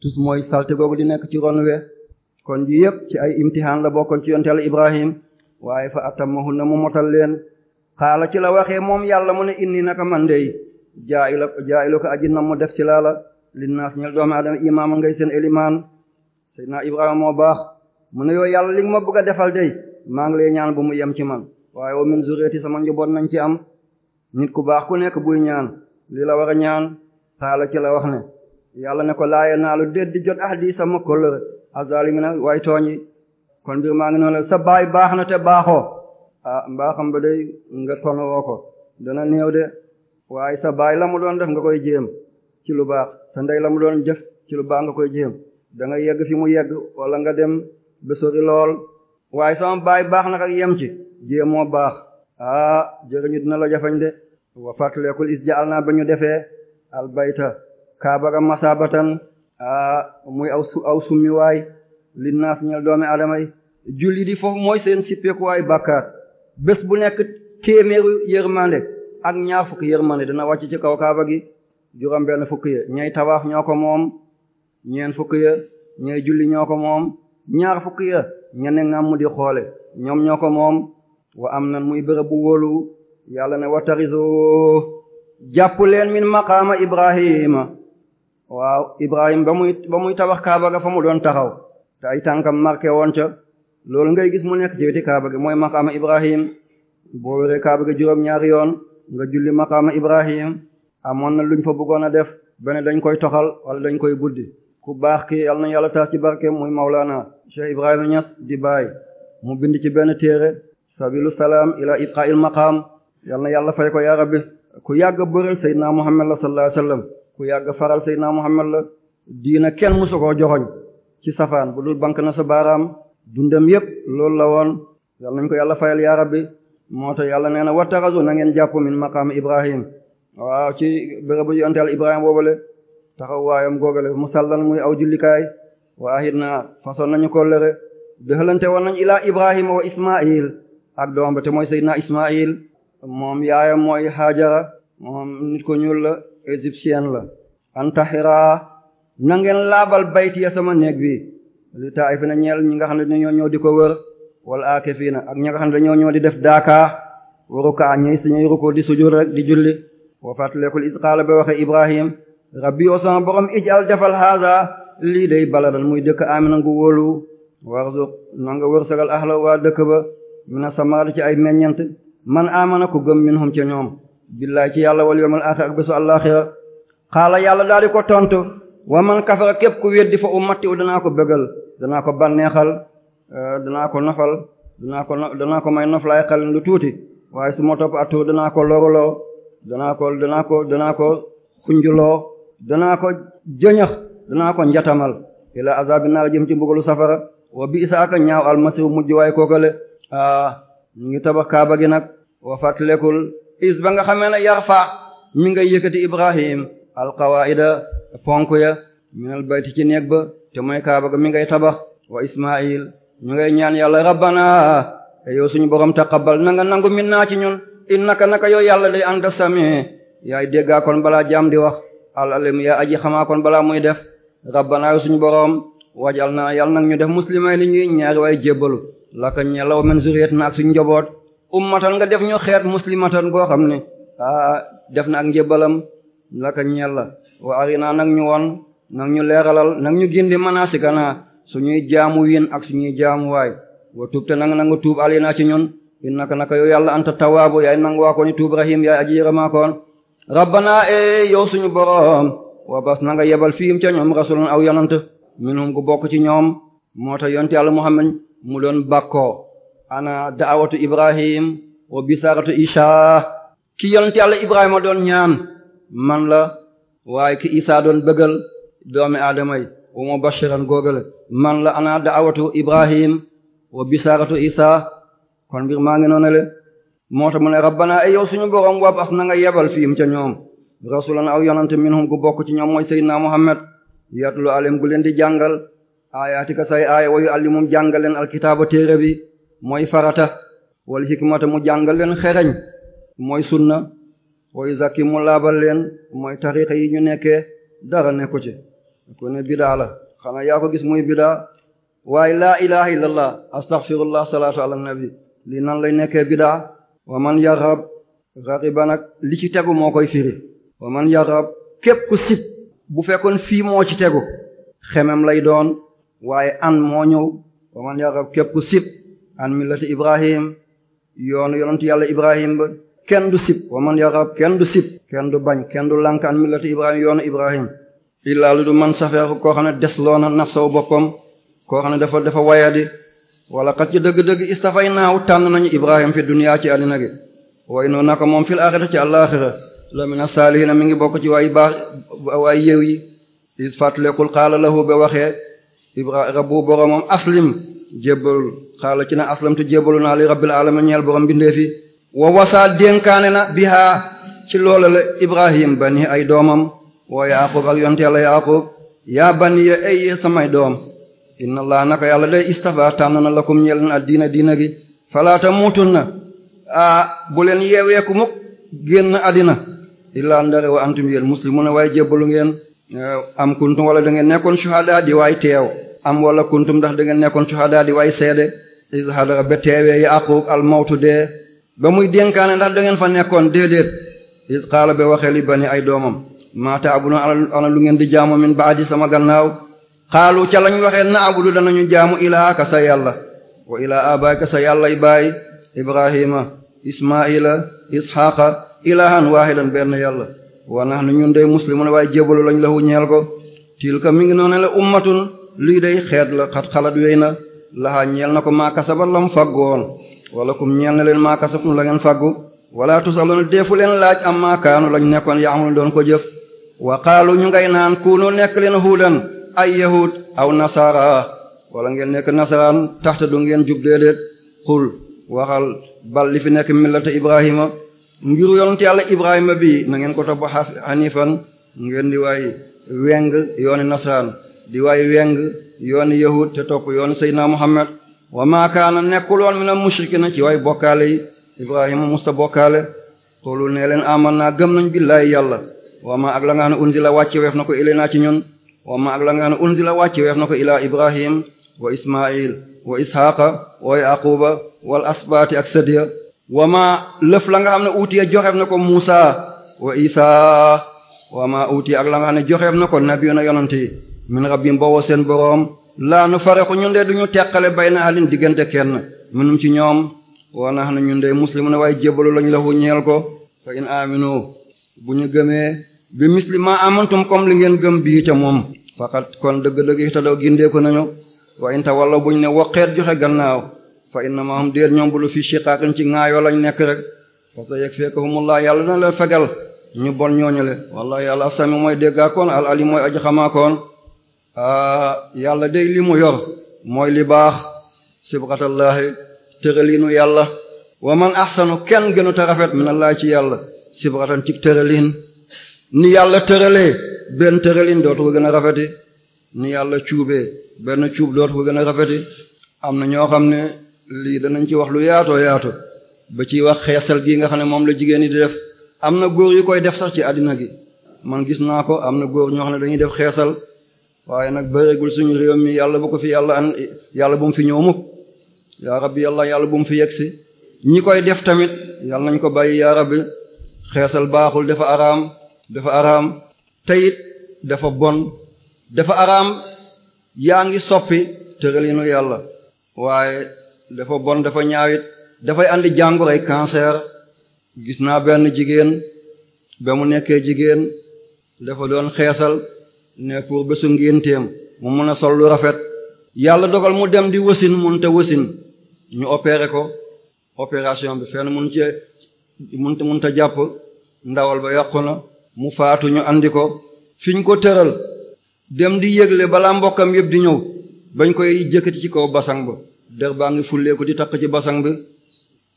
tus mooy salte googu di nekk ci ron we kon ji yëpp ci ay imtihaan la bokkoon ci yonteelu Ibrahim waaye fa atamahunna mu motal leen xaala ci la waxee moom yàlla mu ne inni naka man dey jaayilu jaayilu ko aji nam mu def ci laa la linnaas ñel doomu aadama imaam ngay seen elimaan naa Ibrahima moo baax mu ne yow yàlla li nga ma bëgg a defal dey maa ngi lay ñaan bu mu yem ci man waaye wa min zurriyati sama njaboot nañ ci am nit ku baax ku nekk buy ñaan li la war a ñaan xaala ci la wax ne yàlla ne ko laaye naa lu déet jot ah di sama kóllëre azalimina way yi kon mbir maa ngi noonu la sa baay baax na te baaxoo a ah, mbaaxam ba day nga ton woo ko dana néew de waaye sa baay la mu doon def nga koy jéem ci lu baax sa ndey la mu doon jëf ci lu baax nga koy jéem da nga yegg fi mu yegg wala nga dem ba sori lool waaye sama baay baax na ak yem ci jéem moo baax ah jëriñu dina la jafañ de wa fàttalekul is jaal naa ba ñu defee albayta kaabara masabatan muy aw su aw summi waay li naas ñel adama yi julli di foofu mooy seen sippeekuwaay bàkkaar bés bu nekk téeméeru yërmande ak ñaar fukki yërmande dana wàcc ci kaw kaaba gi juróom benn fukki ya ñay tawaaf ñoo ko moom ñeen fukki ya ñay julli ñoo ko moom ñaar fukki ya ñene ngàmm di xoole ñoom ñoo ko moom wa am nan muy bërëb bu wóolu yàlla ne watariso jàpp leen min maqaama ibrahima waaw Ibrahim ba muy ba muy tabax Kaaba ga fa mu doon taxaw te ay tànkam marqué woon ca loolu ngay gis mu nekk ci weti Kaaba ga mooy maqaama Ibrahim boo wéree Kaaba ga juróom-ñaari yoon nga julli maqaama Ibrahim amoon na luñ fa bëggoon a def benn dañ koy toxal wala dañ koy buddi ku baax ki yàlla na yàlla taas ci barke muy Maulana Cheikh Ibrahima Niass di bàyyi mu bind ci benn téere sabilu salaam ila ibqa'il maqaam yàlla na yàlla fay ko yaa bi ku yàgg a sey Seydina Muhammad sallallahu alayhi ku yàgg faral Seydina Muhammad la diina kenn mësu koo joxoñ ci safaan bu dul bank na sa baaraam dundam yépp loolu la woon yal nañ ko yàlla fayal yaa rabbi moo tax yàlla nee na wattarazu na ngeen jàpp min maqaam Ibrahim waaw ci bérébu yonte yàlla Ibrahim boobale taxaw waayam mu musallan muy aw jullikaay wa ahid na façon nañu ko lëre dëxalante woon nañ ilaa Ibrahima wa Ismail ak doom ba te mooy Seydina Ismail moom yaayam mooy Hajara moom nit ko égyptienne la antaxira na ngeen laabal bayt ya sama néeg bi li taay fi na ñeel ñi nga xam ne dañoo ñëw di ko wër wala aake fii na ak ñi nga xam ne dañoo ñëw di def daakaa warukaa ñuy suñuy ruko di sujud rek di julli wa fatlekul isqaala ba waxe ibrahim rabbi o sama borom ij al defal haza lii day baladan muy dëkk amina ngu wóolu warzuq na nga wërsagal ahla waa dëkk ba mina samaraati ci ay meññent man amana ku gëm minhum ci ñoom billaay ci yàlla wal yawmal axir ak bésu àllaaxira xaala yàlla daal di ko tont wa man kafara képp ku weddi fa ummati u danaa ko bëggal danaa ko bànneexal euh, danaa ko nofal danaa ko danaa ko may noflaay xel lu tuuti waaye su ma topp atur danaa ko loruloo danaa ko danaa ko danaa ko danaa ko jëñëx danaa ko njatamal ila azabi naar jëm ci mbugalu safara wa bi isaaka ñaaw almasihu mujj waay kookale a ngi tabax kaaba gi nag wa fàttalekul is ba nga xamee ne yarfa mi nga yëkkati ibrahim alqawaida ponk ya minal bayti ci néeg ba te mooy kaaba ga mi ngay tabax wa ismail ñu ngay ñaan yàlla rabbana te yow suñu borom taqabbal na nga nangu min naa ci ñun innaka naka yow yàlla day anta sami yaay déggaa kon balaa jaam di wax alalim yaa aji xamaa kon balaa muy def rabbana yow suñu borom wajal na yàlla nag ñu def muslimay li ñuy ñaari waay jébbalu laka ñelaw men zuriyat na ak suñu njaboot ummatan nga def ñu xeet muslimatan goo xam ne ah def na ak njëbalam laka ñeel la wa arina nag ñu won nag ñu leeralal nag ñu gindi manasikana suñuy jaamu wiin ak su suñuy jaamuwaay wa tuub te nag nanga tuub alina ci ñun innaka naka yow yàlla anta tawaabu yaay nang waa kooni tuub rahim yaay aji yërëmaakoon rabbana e yow suñu boroom wa bas na yebal fiim ca ñoom rasulan aw yonant minhum ku bokk ci ñoom moo tax yonte yàlla muhammad mu doon bàkkoo ana daawatu ibrahim wa bisaratu isha ki yonent ibrahima doon ñaan man la waaye ki isa doon bëggal doomi aadama yi wa mubashiran googale man la ana daawatu ibrahim wa bisaratu isa kon mbir maa ngi noonale moo tax mu ne rabbana ay yow suñu boroom wab as na nga yebal fiim ca ñoom rasulan aw yonante minhum gu ci ñoom mooy seydina muhammad yatlu alim gu leen di jàngal ayatika say aaya wayu allimum jàngaleen alkitaaba téere bi mooy farata wal hikmata mu jàngal leen xereñ mooy sunna wa zakki mu laabal leen mooy tariqa yi ñu nekkee dara nekku ci ko ne bidaa la xanaa yaa ko gis muy bidaa waaye laa ilaha illallah astaghfirullah salaatu ala nabi lii nan lay nekkee bidaa wa man yarab rariba nag li ci tegu moo koy firi wa man yarab képp ku sib bu fekkoon fii moo ci tegu xemem lay doon waaye an moo ñëw wa man yarab képp ku sib an millati ibrahim yoonu yonentu yàlla ibrahim ba kenn du sib wa man yarab kenn du sib kenn du bañ kenn du lank an millati ibrahim yoonu ibrahim illaa lu du man safeeku koo xam ne des loona nafsaw boppam koo xam ne dafa dafa wayadi wala xat ci dëgg-dëgg istafay naaw tànn nañu ibrahim fi duniyaa ci àddina gi way noo na ko moom fil axira ci àlaxira la mina saalihiina mi ngi bokk ci waay baax waay yéew yi is fàttalekul xaala lahu ba waxee ibra jébbal xaala ci na aslamtu jébbalu naa li rabbil alamin ñeel borom mbindeefi wa wasaa dénkaane na bihaa ci loola la ibrahim bani ay doomam wa yaqub ak yonte yàlla yaqub yaa bani ya ay samay doom inna allah naka yàlla day istafa tànn na lakum ñeel na diina diina gi falaata muutun na a bu leen yeeweeku mukk génn àddina illaa ndare wa antum yéen muslimun waaye jébbalu ngeen eh, am kuntum wala da ngeen nekkoon shuhada di waay teew am wala kuntum ndax da nekkoon suhadaa way seede is hadara ba teewee yaqub al mawtu dee ba muy dénkaane ndax da ngeen fa nekkoon déedéet is be ba waxee li bani ay doomam maa na ana lu ngeen di jaamu min baadi sama gannaaw xaalu ca lañ waxee na abudu danañu jaamu ilaaka sa yàlla wa ilaa abaaka sa yàlla y baay ibrahima ismaila isxaqa ilahan waahidan benn yàlla wa nahnu ñun dey muslimun waaye jébalu lañ lahu ñeel ko tilka mi la luy day xeet la xat xalat wey na laxaa ñeel na ko maakasaba lam faggoon wala kum ñeel na leen maakasabum la ngeen faggu wala tusaloona deefu leen laaj am maakaanu lañ nekkoon yaamul doon ko jëf wa qaalu ñu ngay naan kuunu nekk leen huudan ay yahud aw nasara wala ngeen nekk nasaraan taxta du ngeen jub déedéet xul waxal bal li fi nekk millata ibrahima ngir yonent yàlla ibrahima bi na ngeen ko topp xanifan ngeen di waay weng yoon nasaraan di way weng yoon yahud te topp yoon seydina muhammad wa ma kaana nekkul woon mina mushrikiina ci way bokkaale yi ibrahima musta bokkaale xoolu nee leen aman naa gëm nañ billaay yàlla wa ma ak la nga xam ne unzila wàcce weef na ko ilayna ci ñun wa ma ak la nga xam ne unzila wàcce weef na ko ilaa ibrahim wa ismail wa ishaqa wa yaquba wal asbaati ak sadiya wa ma lëf la nga xam na utiya joxeef na ko musa wa isa wa ma utiya ak la nga xam ne joxeef na ko nabiyuna min rabbim bawoo seen boroom laa nu fariqu ñun de duñu teqale bayna alin diggante kenn minum ci ñoom wa nahnu ñun de muslimun waaye jébbalu lañu lahu ñeel ko fa in aminu bu ñu gëmee bi misli ma amantum comme li ngeen gëm bii ca moom faqat kon dëgg-dëgg itadoo gindeeku nañu wa in tawallaw bu ñu ne woqeet joxe gannaaw fa innama hum déer ñoom bu lu fi shiqaqin ci ŋaayoo lañ nekk rek fa sa yakfikahumullah yàlla na la fegal ñu bon ñooñu le wallahi yàlla Ah, yàlla day li mu yor mooy li baax sibxatallahi tëraliinu yàlla wa man ahsanu kenn gënu te rafet minallahi ci yàlla sibxatan ci tëraliin ni yàlla tëralee benn tëraliin dootu ko gën a rafeti ni yàlla cuubee benn cuub dootu ko gën a rafeti am na ñoo xam ne lii danañ ci wax lu yaatoo yaatu ba ci wax xeesal gii nga xam ne moom la jigéen ñi di def am na góor yi koy def sax ci àddina gi man gis naa ko am na góor ñoo xam ne dañuy def xeesal waaye nag bëreegul suñu réew mi yàlla bu ko fi yàlla an yàlla bu mu fi ñëw mukk yaa rabbi yàlla yàlla bu mu fi yegsi ñi koy def tamit yàlla nañ ko bàyyi yaa rabbi xeesal baaxul dafa araam dafa araam teyit dafa bon dafa araam yaa ngi soppi tëralinu yàlla waaye dafa bon dafa ñaawit dafay andi jàngoroy cancer gis naa benn jigéen ba mu nekkee jigéen dafa doon xeesal ne pour bésu ngénteem mu mën a sol lu rafet yàlla dogal mu dem di wasin mun te wasin ñu opéré ko opération bi fenn mun cee mun mun te jàpp ndawal ba yàqu na mu faatu ñu andi ko fi ñu ko tëral dem di yëgle balaa mbokkam yëpp di ñëw bañ koy jëkkati ci kaw basang ba der baa ngi fulleeku di taq ci basang bi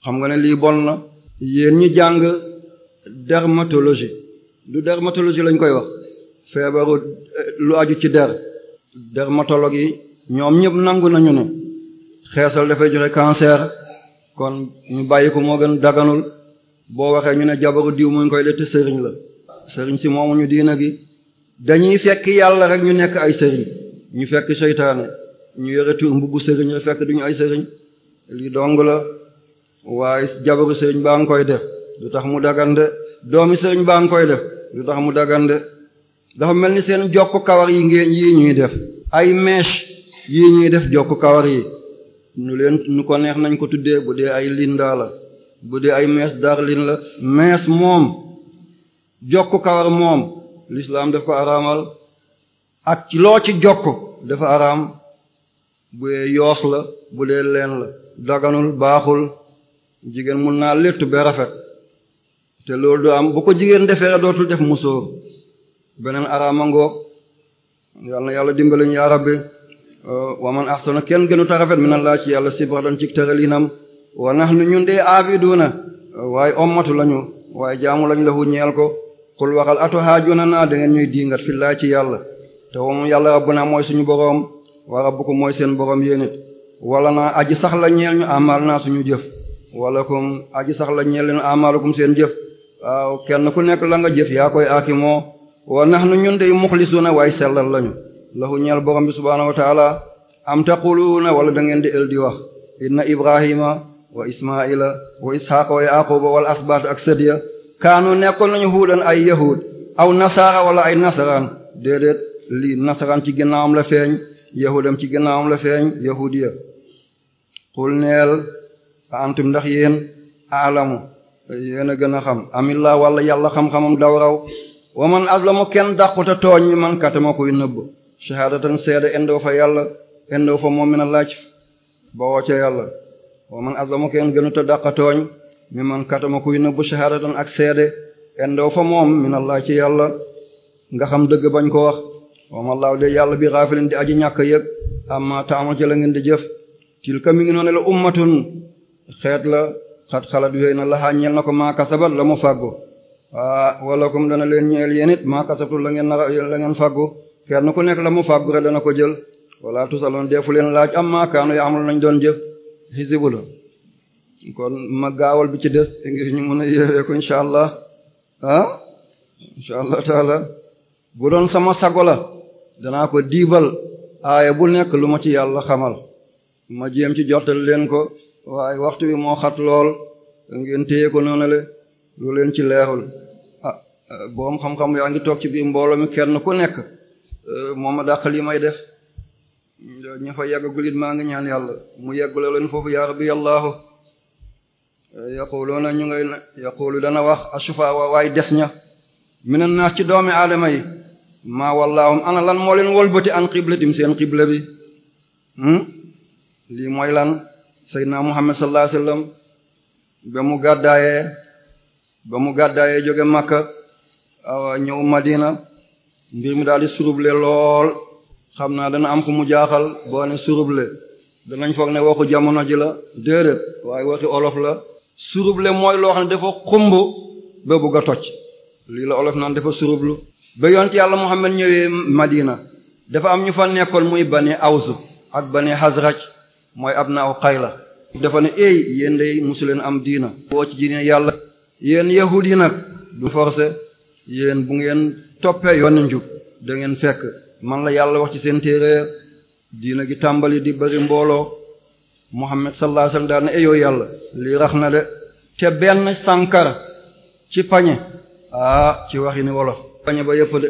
xam nga ne lii bon na yéen ñu jàng dermatologie du dermatologie lañ koy wax feebaru eh, lu aju ci der dermatologue yi ñoom ñëpp nangu nañu ne xeesal dafay joxe cancer kon ñu bàyyi ko moo gën daganul boo waxee ñu ne jabaru diw mu ngi koy lett sëriñ la sëriñ si moomu ñu diina gi dañuy fekk yàlla rek ñu nekk ay sëriñ ñu fekk seytaane ñu yore tur mbubbu sëriñ la fekk duñu ay sëriñ li dong la waaye jabaru sëriñ baa ngi koy def lu tax mu dagande doomi sëriñ baa ngi koy def du tax mu dagande dafa mel ni seen jokk kawar yi ngeen yi ñuy def ay mèche yi ñuy def jokk kawar yi ñu leen ñu ko neex nañ ko tuddee bu dee ay linda la bu dee ay mèche darlin la mèche moom jokk kawar moom l'islam def ko araamal ak loo ci jokk dafa araam bu dee yoos la bu dee leen la daganul baaxul jigéen mun naa léttu ba rafet te loolu du am bu ko jigéen defee dootul def musóor beneen araama ngoog yal na yàlla dimbaliñ yaa rabbi wa man ahsana kenn gënu ta rafet min Allah ci yàlla sibratan cik tëraliinam wa nahnu ñun dee aabiduuna waaye ommatu lañu waaye jaamu lañ lahu ñeel ko xul waxal ato na naa da ngeen ñuy diingat fillaay ci yàlla te moom yàlla naa mooy suñu boroom wa rabbukum mooy seen boroom yéenit wala naa aj sax la ñeel ñu amal naa suñu jëf wala kum aji sax la ñeel ñu amalukum seen jëf waaw kenn ku nekk la wa nahnu ñun day muxlisuuna waaye sellal lañu lahu ñel borom bi subhaanahu wa taala am taquluuna wala da dangeen di el di wax inna ibrahima wa ismaila wa isxaqa wa yaquba wal asbaat ak sadiya kaanu nekkoon nañu huudan ay yahud aw nasaara wala ay nasaraan déedéet lii nasaraan ci ginnaawam la feeñ yahudam ci ginnaawam la feeñ yahudiya xul neel a antum ndax yéen aalamu yéen gën a xam amillah wala yàlla xam-xamam dawraw wa man azlamu kenn dàquta tooñ mi man katama koy nëbb shahaadatan seede indoo fa yàlla indoo fa moom na laaj bawoo ca yàlla wa man azlamu kenn gënuta dàqa tooñ mi man katama koy nëbb shahaadatan ak seede indoo fa moom na laaj ci yàlla nga xam dëgg bañ ko wax wa ma laaw de yàlla bi xaafilin di aji ñàkk yëg amma taamal ci la ngeen di jëf tilka mi ngi noone la ummatun xeet la xat xalat wéy na la ñeel na ko maa kasabat la mu fàggu Ah, wala comme dana leen ñeel yéen it maa la ngeen la ngeen faggu kenn ku nekk la mu faggu rek dana ko jël wala tusaloon deefu leen laaj am maa kaanu yaa amul nañ doon jëf xisibu la kon ma gaawal bi ci des ngir ñu mën a yéeree ko incha allah ah incha allah taala bu doon sama sago la danaa ko diibal aaya bu nekk lu ma ci yàlla xamal ma jéem ci jotal leen ko waaye waxtu wi moo xat lool ngeen téye ko noonu le lu leen ci leerul ah eh, borom xam-xam yaa ngi toog ci biir mbooloo mi kenn ku nekk eh, moom a dàq lii may def ñu fa yeggagul it maa ngi ñaan yàlla mu yeggule leen foofu yaa rabbi yàllaahu eh, yaquluna ñu ngay yaqulu dana wax asufaa waay des ña minan naas ci doomi aadama yi ma wallaahum ana lan moo leen wolbati an qiblatim seen qibla bi hmm? lii mooy lan sayyidina Muhammad sallallahu alayhi wasallam ba mu gàddaayee ba mu gàddaayee jóge Makka ñëw Madina mbir mi daal di suruble lool xam naa dana am ku mu jaaxal boo ne suruble danañ foog ne waxu jamono ji la déedéet waaye waxi olof la suruble mooy loo xam ne dafa xumb ba bëgg a toj lii la olof naan dafa surublu ba yont yàlla Muhammad ñëwee Madina dafa am ñu fa nekkoon muy bani Aws ak bani Xasraj mooy ab naaw xayla dafa ne éy yéen day leen am diina woo ci diine yàlla yéen yahud yi nag du forcé yéen bu ngeen toppee yoonu njub da ngeen fekk man la yàlla wax ci seen téere diina gi tàmbali di bari mbooloo Muhammad sallallahu alayhi wasallam daal na eyoo eh, yàlla lii rax na de te benn sànkara ci pañe ah ci waxi ni wolof pañe ba yëpp de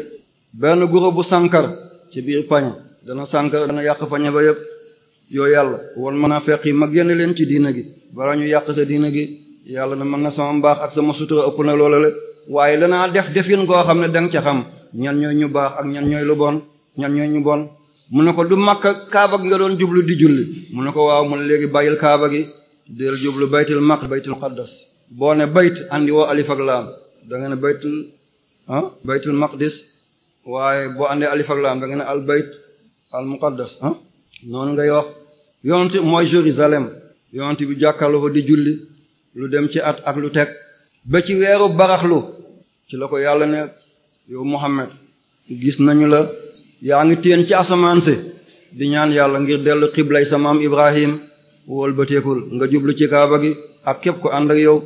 benn guro bu sànkara ci biir pañe dana sànkara dana yàq pañe ba yëpp yoo yàlla wan ma a fekk yi ma génn leen ci diina gi bala ñu yàq sa diina gi yàlla na mën na sama mbaax ak sama sutura ëpp na loola la waaye danaa def defin goo xam ne da nga ca xam ñan ñooy ñu baax ak ñan ñooy lu bon ñan ñooy ñu bon mu ne ko du makka kaaba gi nga doon jublu di julli mu ne ko waaw mu ne léegi bàyyil kaaba gi del jublu baytul maq baytul muqaddas boo ne bayt andi woo alif ak laam da nga ne baytul ah baytul maqdis waaye boo andee alif ak laam nga ne al bayt al muqaddas ah noonu ngay wax yonent mooy Jérusalem yonent bi jàkkaarloo fa di julli lu dem ci at ak lu teg ba ci weeru baraxlu ci la ko yàlla na yow Muhammad gis nañu la yaa ngi téen ci asamaan si di ñaan yàlla ngir dellu xiblay sa maam Ibrahim wëlbateekul nga jublu ci kaaba gi ak képp ko ànd ak yow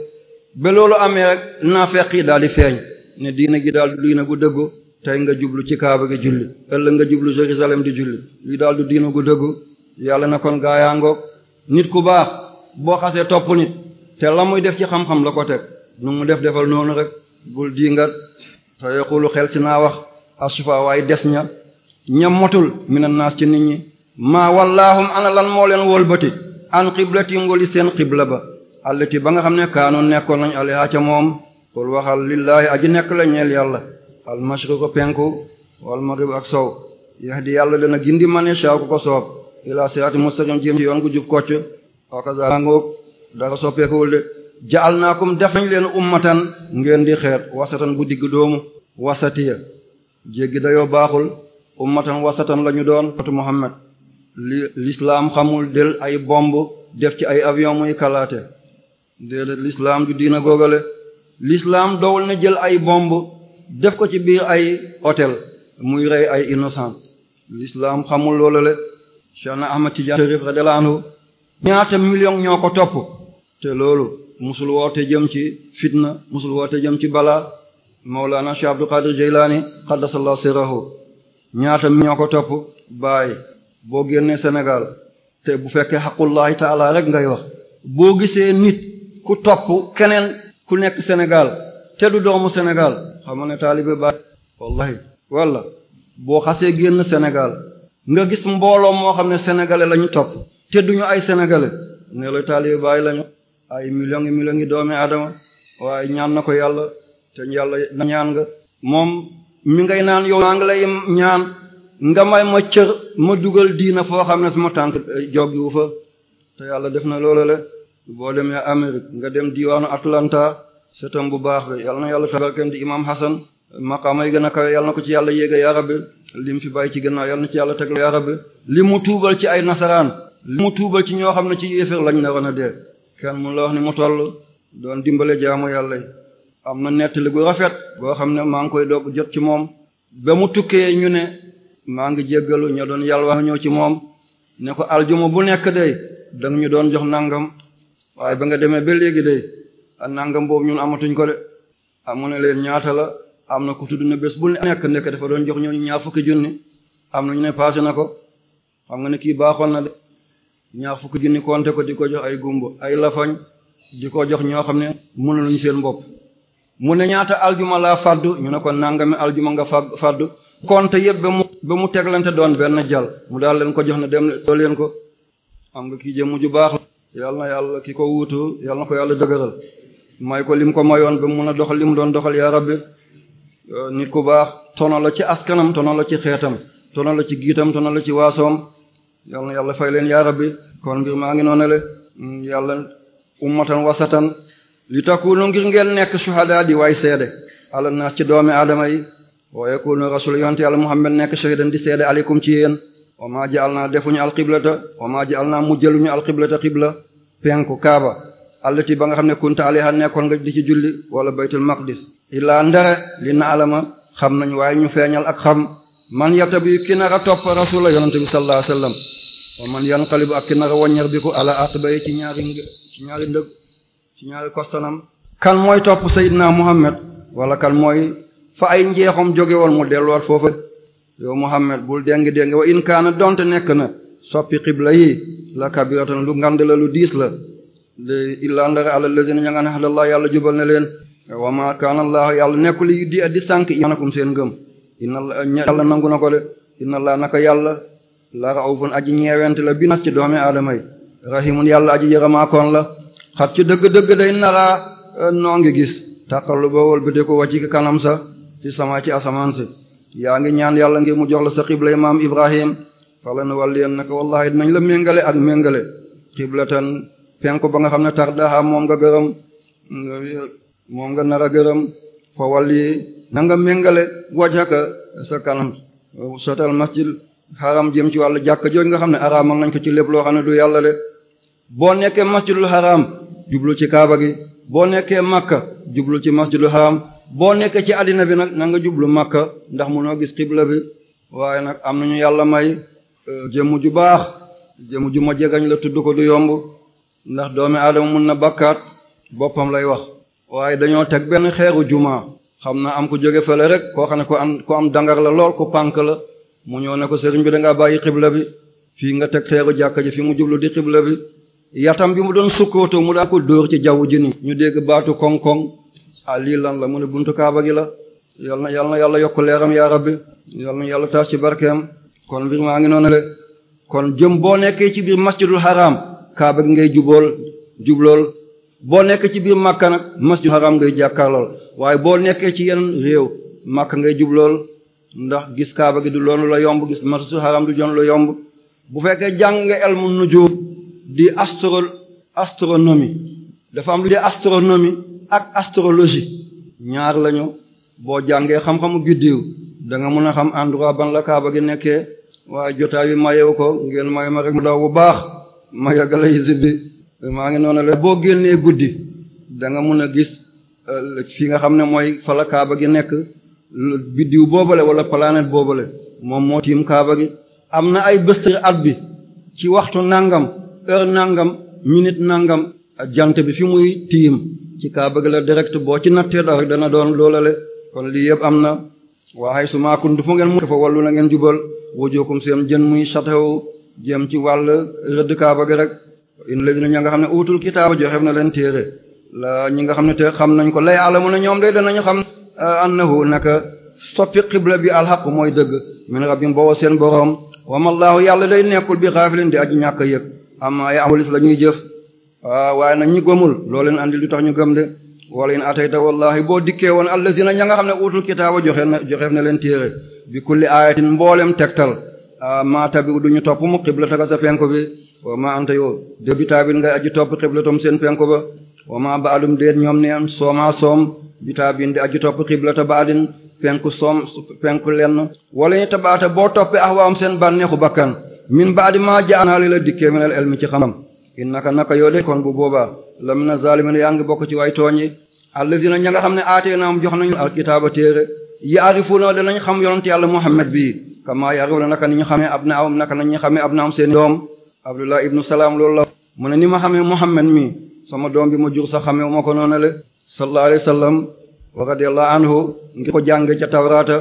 ba loolu amee rek naafeq yi daal di feeñ ne diina gi daal du diina gu dëggu tey nga jublu ci kaaba gi julli ëllëg nga jublu Jérusalem di julli lii daal diina gu dëggu yàlla na kon gaayaangoog nit ku baax boo xasee topp nit te la muy def ci xam-xam la ko teg nu mu def defal noonu rek bul dingat te yaqulu xel si naa wax asufa waay des ña ña motul mina naas ci nit ñi maa wallaahum ana lan moo leen wëlbati an qiblati ngoli seen qibla ba allati ba nga xam ne kaanu nekkoon nañ aliha ca moom xul waxal lillaahi aji nekk la ñeel yàlla al mashriqu penku wal maghrib ak sow yahdi yàlla dana gindi man yashaa ku ko soob ila sirati mustaqim jëm ci yoon gu jub kocc akaza ngoog dara soppeekuwul de jaal naakum def nañ leen ummatan ngeen di xeet wasatan bu digg doomu wasatiya jéggi dayoo baaxul ummatan wasatan la ñu doon patu Muhammad li l'islam xamul del ay bomb def ci ay avion muy kalaate déedéet l'islam du diina googale l'islam dowul na jël ay bomb def ko ci biir ay hôtel muy rey ay innocent l'islam xamul loolale Cheikh na Ahmad Tidiane Chérif radiyallahu ñaata million ñoo ko topp te loolu musul woote jëm ci fitna musul woote jëm ci balaa Mawlana Cheikh Abdul Qadir Jilani qaddasallahu sirrahu ñaatam ñoo ko topp bàyyi boo génnee senegal te bu fekkee xaqullahi taala rek ngay wax boo gisee nit ku topp keneen ku nekk senegal te du doomu Sénégal xam ne taalibe bàyyi wallahi walla boo xasee génn senegal nga gis mbooloo moo xam ne sénégalais lañu topp te duñu ay sénégalais ne la taalibe bàyyi lañu ay million ngi million ngi doomi aadama waaye ñaan na ko yàlla te yàlla na ñaan nga moom mi ngay naan yow maa ngi lay ñaan nga may ma cër ma dugal diina foo xam ne sama tànk eh, joggiwu fa te yàlla def na loolu la boo demee Amérique nga dem diwaanu Atlanta setam bu baax bi yàlla na yàlla tabarken di imam Hassan maqaama ay gën a kawe yàlla na ko ci yàlla yéega yaa rabbi li mu fi bàyyi ci gannaaw yàlla na ci yàlla teg yaa rabbi li mu tuubal ci ay nasaraan li mu tuubal ci ñoo xam ne ci yéeféer lañ naroon a dee kenn mun la wax ni mu toll doon dimbale jaamu yàlla yi am na nettali gu rafet boo xam ne maa ngi koy doog jot ci moom ba mu tukkee ñu ne maa ngi jéggalu ñoo doon yàlla ñëw ci moom ne ko aljuma bu nekk day danga doon jox nangam waaye ba nga demee ba léegi day a nangam boobu ñun amatuñ ko de amu ne leen ñaata la am na ko tudd na bés bu nekk nekk dafa doon jox ñooñu ñaar fukki junni am na ñu ne passé na ko xam nga ne kii baaxoon na de ñaar fukki junni konte ko di ko jox ay gumba ay lafañ di ko jox ñoo xam ne mënaluñ seen bopp mu ne ñaata aljuma laa faddu ñu ne ko nangami aljuma nga fag faddu konte yëpp ba mu ba mu teglante doon benn jal mu daal leen ko jox ne dem too leen ko am nga kii jëm mujj baax yàlla na yàlla ki ko wuutu yàlla na ko yàlla dëgëral may ko lim ko mayoon ba mun a doxal li mu doon doxal yaa rabbi nit ku baax tono la ci askanam tono la ci xeetam tono la ci giitam tono la yal na yàlla fay leen yaa rabbi kon mbir maa ngi noon noonale mm, yàlla ummatan wasatan li takunu ngir ngeen nekk shuhada di waay seede ala na ci doomi aadama yi wa yakunu rasul yonte yàlla muhammad nekk shahidan di seede aleykum ci yéen wa al ja'alna defuñu alqiblata wa ma ja'alna mujjaluñu alqiblata qibla penku kaaba allati ba nga xam ne kunta alayha nekkoon nga di ci julli wala baytul maqdis illaa ndare li na alama xam nañ waaye ñu feeñal ak xam man yatabi ki nar a topp rasula yonente bi sallallahu wa man yanqalibu ak ki nara waññeer bi ko ala atbay ci ñaari ci ñaari ndëg ci ñaari kostanam kan mooy topp Seydina Muhammad wala kan mooy fa ay njeexam jóge woon mu delluwaat foofa yow Muhammad bul déng-déng wa in kaana donte nekk na soppi xibla yi la kabiratan lu ngand la lu diis la de illaa ndara ala lazina ña nga ne hadallah yàlla jubal na leen wa ma kaana allah yàlla nekkul yi di di sànk imanakum seen ngëm inna yàlla nangu na ko la raufun aji ñeewent la bi nas ci doomi aadama yi rahimun yàlla aji yërëmaakoon la xat ci dëgg-dëgg day naraa euh, noo ngi gis tàqalu ba wal bideko wàcci kanam sa fi sama ci asamaan si yaa ngi ñaan yàlla ngir mu jox la sa xibla imaam ibrahim fa la nu wàlliyen naka wallahi dinañ la méngale ak méngale xiblatan penku ba nga xam ne tardaha moom nga gërëm moom nga nar a gërëm fa wàlli na nga méngale wajaka sa kanam sotal masjid xaram jëm ci wàllu jàkka jooju nga xam ne araamal nañ ko ci lépp xam ne du yàlla de boo nekkee masjidul haram jublu ci kaaba gi boo nekkee makka jublu ci masjidul haram boo nekkee ci addina bi nag nanga jublu makka ndax munoo gis xibla bi waaye nag am nañu yàlla may euh, jëmm ju baax jëmm ju ma jegañ la tudd ko du yomb ndax doomi aadama mun na bakkaat boppam lay wax waaye dañoo teg benn xeeru juma xam na am ku jóge fële rek koo xam ne ko am ko dangar la lool pànk la mu ñëw ne ko seriñ bi da ngaa bàyyi xibla bi fii nga teg xeeru jàkka ji fi mu jublu di xibla bi yatam bi mu doon sukkootu mu daa ko dóor ci jawwu ji ni ñu dégg baatu koŋ-koŋ ah lii lan la mu ne buntu kaaba gi la yal na yal na yàlla yokk leeram yaa bi yal na yàlla taas ci barkeem kon mbir maa ngi noonu le kon jëm boo nekkee ci biir masjidul haram kaaba gi ngay jubool jublool boo nekkee ci biir makka nag masjidul haram ngay jàkkaarlool waaye boo nekkee ci yeneen réew makka ngay jublool ndax gis kaaba gi du loolu la yomb gis masjidul haram du joon la yomb bu fekkee jàng nga elmu nujum di astro astronomie dafa am lu dee astronomie ak astrologie ñaar lañu boo jàngee xam-xamu biddiw da nga mën a xam endroit ban la kaaba gi nekkee waaye jotaay bi mayew ko ngeen may ma rek mu daw bu baax ma yàggala isib bi maa ngi noonu la boo génnee guddi da nga mën a gis euh, fi nga xam ne mooy fa la kaaba gi nekk biddiw boobale wala planète boobale moom moo tiim kaaba gi am na ay bés at bi ci waxtu nangam heure nangam minit nangam a jant bi fi muy tiim ci kaaba gi la direct boo ci nattee rek dana doon loolale kon lii yëpp am na waaye su ma kuntu fu ngeen mu fa wallu na ngeen jubal wujukum seen jën muy chataw jëm ci wàll rëdd kaaba gi rek in léegi na ña nga xam ne utul kitaaba joxeef na leen téere la ñi nga xam ne te xam nañ ko lay alamu na ñoom day danañu xam Euh, annahu naka soppi xibla bi alxaq mooy dëgg min bi boo seen boroom wamallaahu yàlla day nekkul bi xaafilin di aji ñàkk yëg ama ya amulis la ñuy jëf ah, waaye nag ñi gëmul loo leen andil du tax ñu gëm de wala in atayta wallahi boo dikkee woon allazina ña nga xam ne utul kitaaba joxe na joxeef na leen téere bi kulli ayatin mboolem tegtal ah, maa tabi duñu topp mu xiblataka sa penku bi wa ma anta yow débi taabin ngay aji topp xiblatam seen penku ba wa ma ba'dum déet ñoom neen sooma soom bitaabin di aji topp xiblata baadin penku soom penku lenn wala ñu tabaata boo toppee ahwaam seen bànneexu bakkan min baadi maa ma li la dikkee minal elmi ci xam-xam innaka naka yoo de kon bu boobaa lamina zalimin yaa ngi bokk ci way tooñ yi allazina ña nga xam ne aatee naam jox nañu alkitaaba téere yaarifuuna danañ xam yonent yàlla muhammad bi kama yaarifuuna naka ni ñu xamee abnaahum naka nañu xamee abnaahum seen doom abdullah ibnu salaam loolu la mu ne ni ma xamee muhammad mi sama doom bi ma jur sax ko noonale sallallahu alayhi wasallam wa radiyallahu anhu ngi ko jàng ca tawraata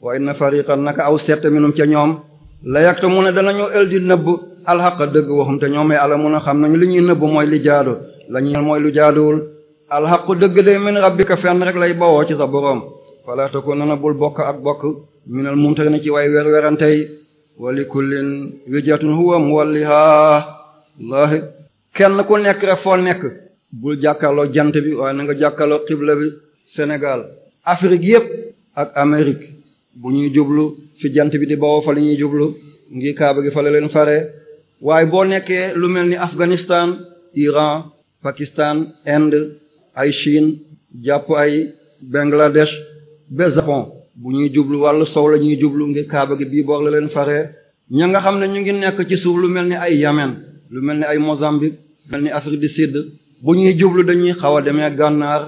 wa inna fariqan naka aw sett minum ca ñoom la yaktumuna danañu ël di nëbb alxaqa dëgg waxum te ñoom ala mun a xam nañu li ñuy nëbb mooy li jaadu la mooy lu jaaduwul alxaqu dëgg de min rabbika fenn rek lay bawoo ci sa boroom fala takununa bul bokk ak bokk minal mumtarina ci way wer werantey wa li kullin wijatun huwa muwalliha kenn ku nekk rek foo nekk bul jàkkarloo jant bi waaye na nga jàkkaarloo xibla bi Sénégal Afrique yëpp ak Amérique bu ñuy jublu fi jant bi di bawoo fa ñuy jublu ngi kaaba gi fa leen fare waaye boo nekkee lu mel ni Afghanistan Iran Pakistan Inde ay Chine jàpp ay Bangladesh ba Japon bu ñuy jublu wàllu sow la ñuy jublu ngi kaaba gi bii boor leen fare ña nga xam ne ñu ngi nekk ci suuf lu mel ni ay Yemen lu mel ni ay Mozambique lu mel ni Afrique du Sud bu ñuy jublu dañuy xaw a demee gànnaar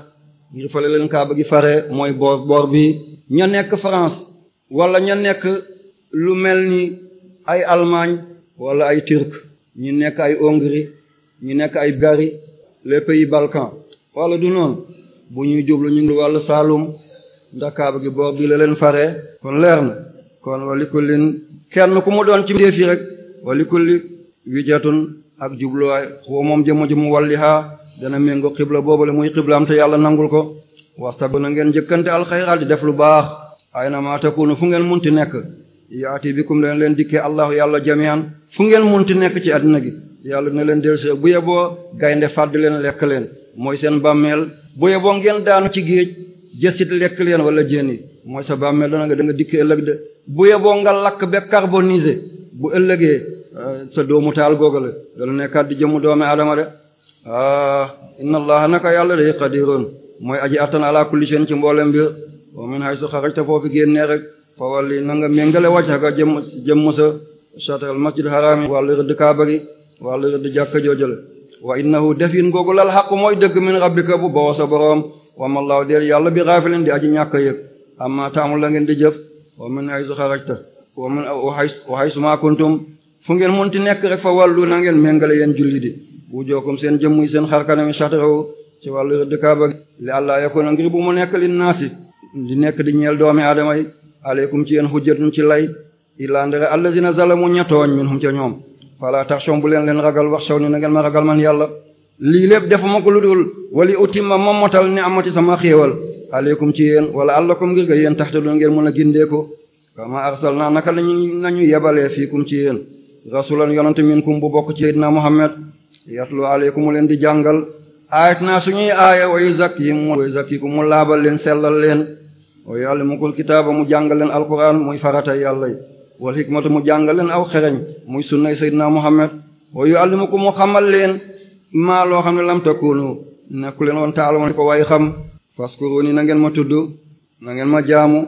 ngir fale leen kaaba gi fare mooy boor boor bi ña nekk France wala ña nekk lu mel ni ay Allemagne wala ay Turc ñu nekk ay Hongrie ñu nekk ay Bulgarie les pays balkan wala du noon bu ñuy jublu ñu ngi wàllu Saloum ndax kaaba gi boor bi la leen fare kon leer na kon walikullin kenn ku mu doon ci déef yi rek li wijatun ak jubluwaay xoo moom jëma-jëmu wallihaa dana méngoo xibla boobale muy xiblaam te yàlla nangul ko wastago na ngeen njëkkante alxayraat di def lu baax ay na maa takunu fu ngeen munti nekk yaati bikum leen leen dikkee allahu yàlla jamian fu ngeen ti nekk ci àddina gi yàlla dina leen dellusee bu yeboo gaynde fàdd leen lekk leen mooy seen bàmmeel bu yeboo ngeen daanu ci géej jësit lekk leen wala jéen yi mooy sa bàmmeel dana nga da nga dikkee ëllëg de bu yeboo nga lakk ba carbonisé bu ëllëgee euh, sa doomu taal googale Ah, inna allaha naka yàlla day qadirun mooy aji attan ala kulli shay'in ci mboole mbir wa min haythu xarajta foofu génnee rek fa walli na nga méngale wajhaka jëm jëmm sa shatral masjid haram wàllu rëdd kaaba gi wàllu rëdd jàkka joojale wa innahu def yin googu lal xaq mooy dëgg min rabbika bu bowo sa boroom wamallaahu deel yàlla bi raafilin di aji ñàkk a yëg amma taamul la ngeen di jëf wa min haythu xarajta wa min wa haythu ma kuntum fu ngeen munti nekk rek fa wàllu na ngeen méngale yeen julli di bu jookum seen jëmm yi seen xarkanami shatru ci wàllu rëdd kaaba li allah yakuna ngir bu mu nekk li naasi di nekk di ñeel doomi aadama yi aleykum ci yéen xujjatun ci lay illaa ndere allazina zalamu ñetooñ min hum ca ñoom fala taxshawm leen ragal wax shaw ni na ma ragal man yàlla lii lépp defuma ko lu dul wali utimma ma motal ni amati sama xéewal aleykum ci yéen wala allakum ngir nga yéen taxtadun ngeen mën a gindee ko kama arsalna yatlu aleykum mu leen di jàngal aayat naa suñuy aaya wa yuzakkikum wa yuzakkikum mu laabal leen sellal leen wa yu'allimukul kitaaba mu jàngal leen alquran muy farata yàlla yi wal hikmata mu jàngal leen aw xereñ muy sunnay sayyidina muhammad wa yu'allimukum mu xamal leen maa loo xam ne lam takunu nekku leen woon taalamoon ko way xam faskuruni na ngeen ma tudd na ngeen ma jaamu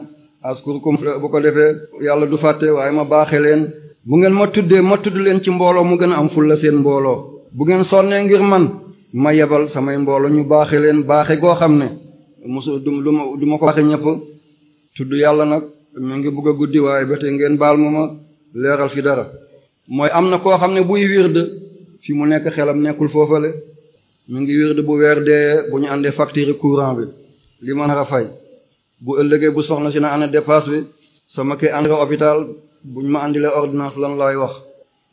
askurkum bu ko defee yàlla du fàtte waaye ma baaxe leen bu ngeen ma tuddee ma leen ci mbooloo mu gën a am fulla seen mbooloo bu ngeen sonnee ngir man ma yebal samay mbooloo ñu baaxe leen baaxe goo xam ne mosu du du ma du ma ko baaxe ñëpp tudd yàlla nag mu ngi bugg a guddi waaye ba tey ngeen baal ma ma leeral fi dara mooy am na koo xam ne buy wird fi mu nekk xelam nekkul foofale mu ngi wird bu weer dee bu ñu àndee facture courant bi li ma nar fay bu ëllëgee bu soxna si na ana dépasse bi sama kay àndre bu buñ ma àndile ordinance lan laay wax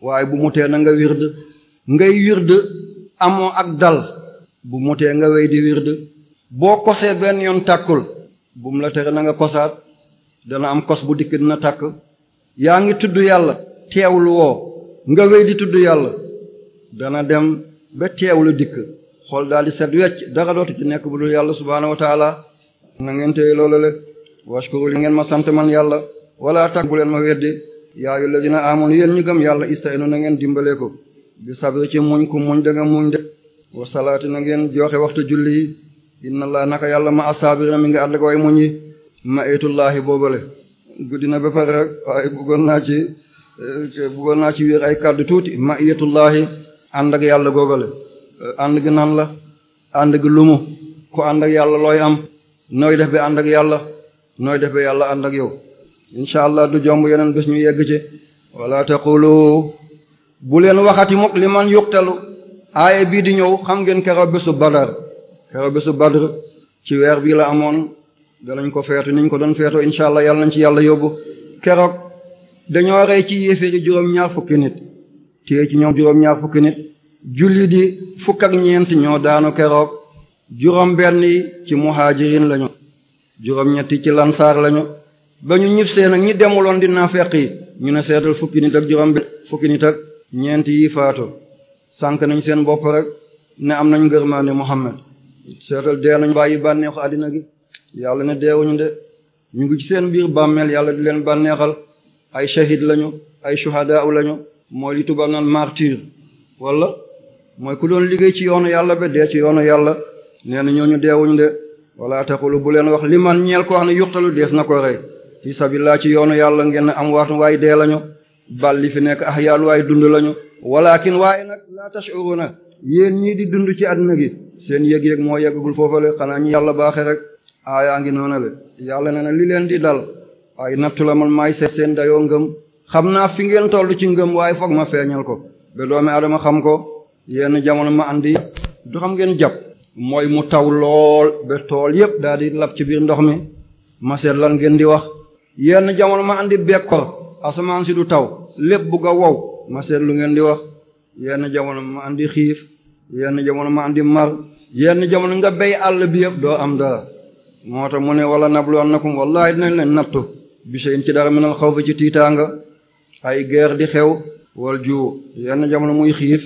waaye bu mu tee na nga wird ngay wird amoo ak dal bu mutee nga wey di wird boo kosee benn yoon tàkkul bu mu la tere na nga kosaat dana am kos bu dikk dina tàkk yaa ngi tudd yàlla teewul woo nga wey di tudd yàlla dana dem ba teewlu dikk xool daal di set wecc dara dootu ci nekk bu dul yàlla subhaanahu wa taala na ngeen téye loolu le washkuru li ngeen ma sant man yàlla wala tak bu leen ma yaa yaayu la dina amoon yeen ñu gëm yàlla istaynu na ngeen dimbalee ko bi sabri ci muñ ku muñ da nga muñ de wa salaati na ngeen joxe waxtu julli yi inna laa naka yàlla ma asaabirina mi nga ànd ak way muñ yi ma etullaahi boobale guddi na ba pare rek waaye bëggoon naa ci eh, bëggoon naa ci wéer ay kàddu tuuti ma etullaahi ànd ak yàlla boobale eh, ànd gi nan la ànd lumu ku ànd yàlla looy am nooy def ba ànd yàlla nooy def ba yàlla ànd ak yow incha allah du jomb yeneen bés ñu yegg ci wala taqulu bu leen waxati mukk li man yuqtalu aaye bii di ñëw xam ngeen keroog bésu badar keroog bésu badr ci weer bii la amoon danañ ko feetu niñ ko doon feetoo incha allah yàlla nañ ci yàlla yóbbu keroog dañoo rey ci yéeféeri juróom-ñaar fukki nit téye ci ñoom juróom-ñaar fukki nit julli di fukk ak ñeent ñoo daanu keroog juróom benn yi ci muhaajiriin lañu juróom-ñetti ci lansaar lañu ba ñu ñib see nag ñi demuloon dinaa feq yi ñu ne seetal fukki nit ak juróom benn fukki nit ñeent yi faatu sànq nañ seen bopp rek ne am nañ ngërmaande Muhammad seetal dee nañ bàyyi bànneexu àddina gi yàlla ne deewuñu de ñu ngi ci seen biir bàmmeel yàlla di leen bànneexal ay shahid lañu ay shuhada lañu mooy li tubaab naan martyr wala mooy ku doon liggéey ci yoonu yàlla be dee ci yoonu yàlla nee na ñooñu deewuñu de wala taqulu bu leen wax li man ñeel ko wax ne yuqtalu dees na ko rey fi sabilillah ci yoonu yàlla ngeen am waatu waaye dee lañu bal li fi nekk ahyaan waaye dund lañu walakin waaye nag la na yéen ñii di dund ci àdduna gi seen yëg-yëg moo yeggagul foofale xanaa ñu yàlla baaxe rek aayaa ngi noona le yàlla na na li leen di dal ay nattu la man maay seet seen dayoo ngëm xam naa fi ngeen toll ci ngëm waaye foog ma feeñal ko ba doomi adama xam ko yenn jamono ma andi du xam ngeen jàpp mooy mu taw lool ba tool yépp daal di lab ci biir ndox mi ma seet lan ngeen di wax yenn jamono ma andi bekkoor asamaan si du taw lépp bugg a wow ma seet lu ngeen di wax yenn jamono ma andi xiif yenn jamono ma andi mar yenn jamono nga béy àll bi yëpp doo am dara moo tax mu ne wala nablu annakum wallahi dinañ leen nattu bi seen ci dara xaw xawfa ci tiitaanga ay guerre di xew wal ju yenn jamono muy xiif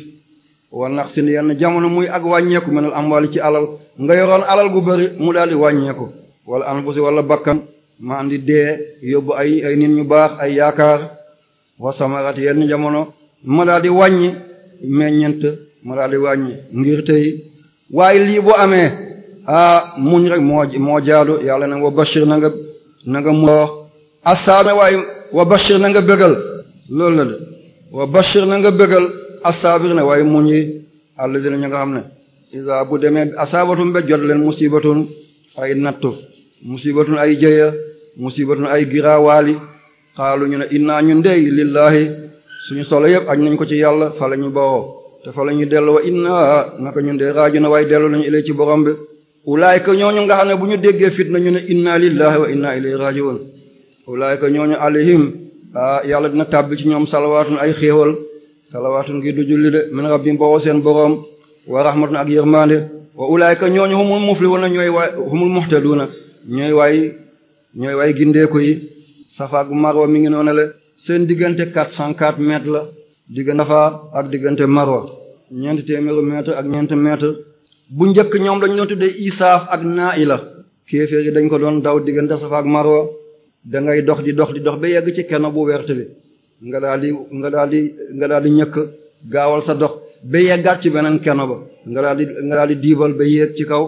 wal nax sin yenn jamono muy ak wàññeeku am amwali ci alal nga yoroon alal gu bëri mu daal di wàññeeku wala anfusi wala bakkan ma andi dee yóbbu ay ay nit ñu baax ay yaakaar wa samarat yenn jamono ma daal di wàññi meññent ma wàññi ngir tey waaye lii bu amee ah muñ rek moo moo jaadu yàlla na wa bashir na nga na nga mu asaana waaye na nga bégal loolu na nga bégal asaabir ne muñ yi nga xam ne isa bu demee asaabatum be jot leen musibatun ay nattu musibatun ay jëya musibatun ay giraawaali xaalu ñu ne innaa ñu ndey lillaahi suñu solo yëpp aj nañ ko ci yàlla fa ñu bawoo te fa la ñu dellu wa innaa naka ñu ndey raaju na waaye dellu nañu ilay ci borom bi ulaayka ñooñu nga xam ne bu ñu déggee fitna ñu ne inna lillahi wa inna ilayhi rajiun ulaayka ñooñu alayhim ah yàlla dina tàbbi ci ñoom salawaatun ay xéewal salawaatun ngi du julli de min rabbim bawoo seen borom wa rahmatun ak yërmande wa ulaayka ñooñu humul ñooy way gindeeku yi safaak marwa mi ngi noone le seen diggante cent 404 mètres la diggante fa ak diggante marwa ñeenti téeméeru mètre ak ñeenti mètre bu njëkk ñoom dañ doon tuddee isaaf ak naila kéeféer yi dañ ko doon daw diggante safa ak marwa da ngay dox di dox di dox ba yegg ci kenn bu werte bi nga daal di nga daal di nga daal di ñëkk gaawal sa dox ba yeggaat ci beneen kenn ba nga daal di nga daal di diibal ba yéeg ci kaw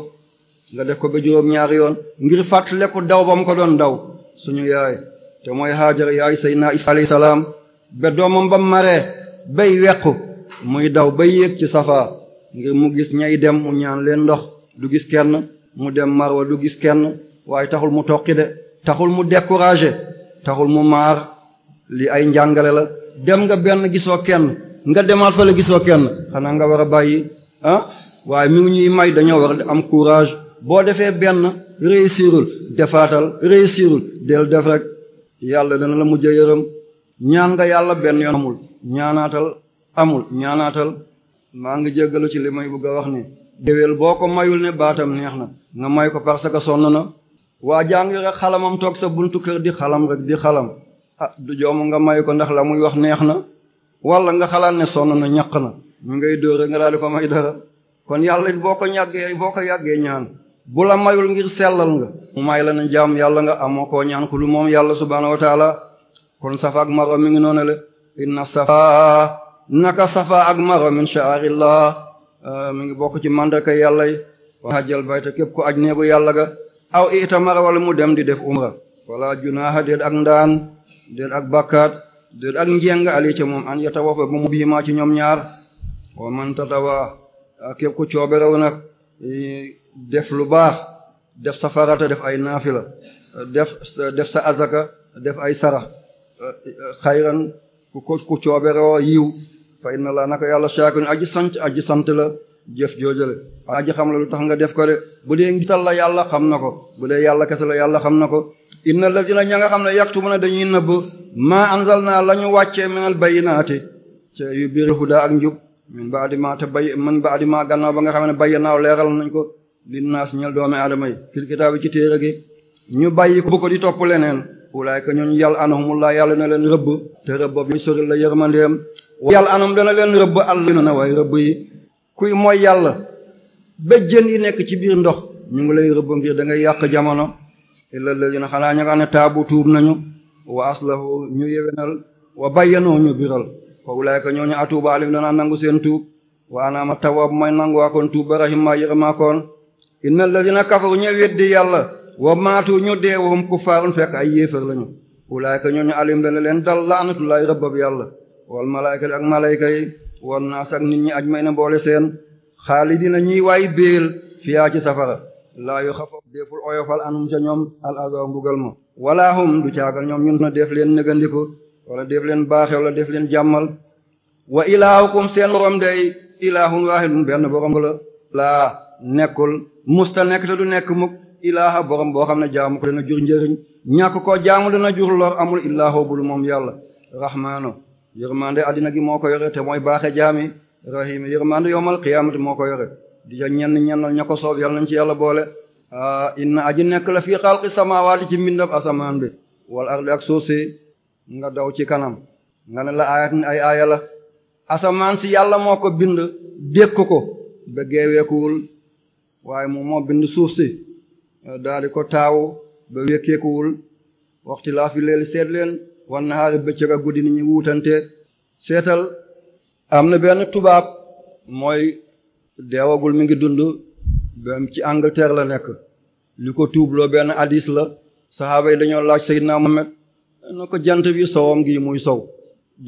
nga def ko ba juróom-ñaari yoon ngir fàttaleku daw ba mu ko doon daw suñu yaay te mooy Hajar yaay say Isa alayhi salaam ba doomam ba maree bay wequ muy daw ba yéeg ci Safa ngir mu gis ñay dem mu ñaan leen ndox du gis kenn mu dem wa du gis kenn waaye taxul mu toqi de taxul mu découragé taxul mu maar li ay njàngale la dem nga benn gisoo kenn nga demal fa la gisoo kenn xanaa nga war a bàyyi ah waaye mi ngi ñuy may dañoo war a am courage boo defee benn réussirul defaatal réussirul del def rek yàlla dana la mujj yërëm ñaan nga yàlla benn yoon amul ñaanaatal amul ñaanaatal maa ngi jéggalu ci li may bugg a wax ni déwél boo ko mayul ne baatam neex na nga may ko parce que sonn na waa jàngi rek xalamam toog sa buntu kër di xalam rek di xalam ah du joomu nga may ko ndax la muy wax neex na walla nga xalaat ne sonn na ñaq na ñu ngay dóor rek nga daal di ko may dara kon yàlla it boo ko ñàggee boo ko yàggee ñaan bu la mayul ngir sellal nga mu may la ne jaam yàlla nga amoo koo ñaan ku lu moom yàlla subhaanahu wa taala kon safa ak marwa mi ngi noonu le inna safa naka safa ak marwa min sha'arillah ah, mi ngi bokk ci mandaka yàlla yi wa hajjal bayta képp ku aj neegu yàlla ga aw itamara wala mu dem di def umra wala junaaha déet ak ndaan déet ak bakkaat déet ak njeng ali moom an yatawafa bu mu biima ci ñoom ñaar wa man tatawa képp ku coobe raw nag def lu baax def sa farata def ay naafila def def sa azaka def ay sarax xayran ku ko yiw fa inna laa naka yàlla shaakun aji sant aji sant la jëf joojale aji xam la lu tax nga def ko de bu dee ngital la yàlla xam na ko bu dee yàlla kese la yàlla xam na ko la lazina ña nga xam ne yaktumuna dañuy nëbb maa anzalna la ñu wàccee minal bayyinaati te yu biir huda ak njub min baadi ma te bay min baadi ma gannaaw ba nga xam ne bayyanaaw leeral nañ ko linnaas ñel doomi aadama yi fil kitaabi ci téere gi ñu bàyyi bu ko di topp leneen ulaayka ñooñu yàlla anahumullaa yàlla na leen rëbb te rëbb boobu ñu soril la yërmandeem yàlla anam dana leen rëbb àll na waaye rëbb yi kuy mooy yàlla béjjën yi nekk ci biir ndox ñu ngi lay rëbb ngir da ngay yàq jamono illal ladina xanaa ña nga ne taabu tuub nañu wa aslahu ñu yewenal wa bayyanoo ñu biral fa ulaayka ñooñu atuuba alim danaa nangu seen tuub wa anaama tawaab mooy nangu waakoon tuub ba rahim inna allazina kafaru ña weddi yàlla wa maatu ñu dee wahum kuffaarun fekk ay yéefar lañu ulaayka ñooñu alim dana leen dal laanatullahi rabbab yàlla wal malaayka ak malaayka yi wan naas ak nit ñi ajmay na mboole seen xaalidina ñiy waay béel fiyaa ci safara laa yu xafaf déeful oyofal anum ca ñoom al azab mbugal ma walaa hum du caagal ñoom ñun na def leen nëgandiku wala def leen baaxe wala def leen jàmmal wa ilaahukum seen borom day ilaahun waahidun la laa nekkul musta nekk te du nekk mukk ilaaha borom boo xam ne jaamu ko dana jur njëriñ ñàkk koo jaamu dana jur lor amul ilaaha bul moom yàlla rahmaano yërmande addina gi moo ko yore te mooy baaxe jaami rahim yërmande yowmal qiyaamati moo ko yore di ja ñenn ñennal ña ko soob yàlla nañ ci yàlla boole ah, inna aji nekk la fii xalqi samaawaati ci mbindab asamaan bi wal ardi ak suuf si nga daw ci kanam nga ne la ayat ay aaya asamaan si yàlla moo ko bind dékk ko waaye moom moo bind suuf si daal di ko taawu ba wékkeekuwul waxti laa fi leeli seet leen wan nahaari bëccëg a guddi ni ñu wuutante seetal am na benn tubaab mooy deewagul mi ngi dund ba ci Angleterre la nekk li ko tuubloo benn addis la saxaaba yi dañoo laaj Seydina Muhammad na ko jant bi sowam gi muy sow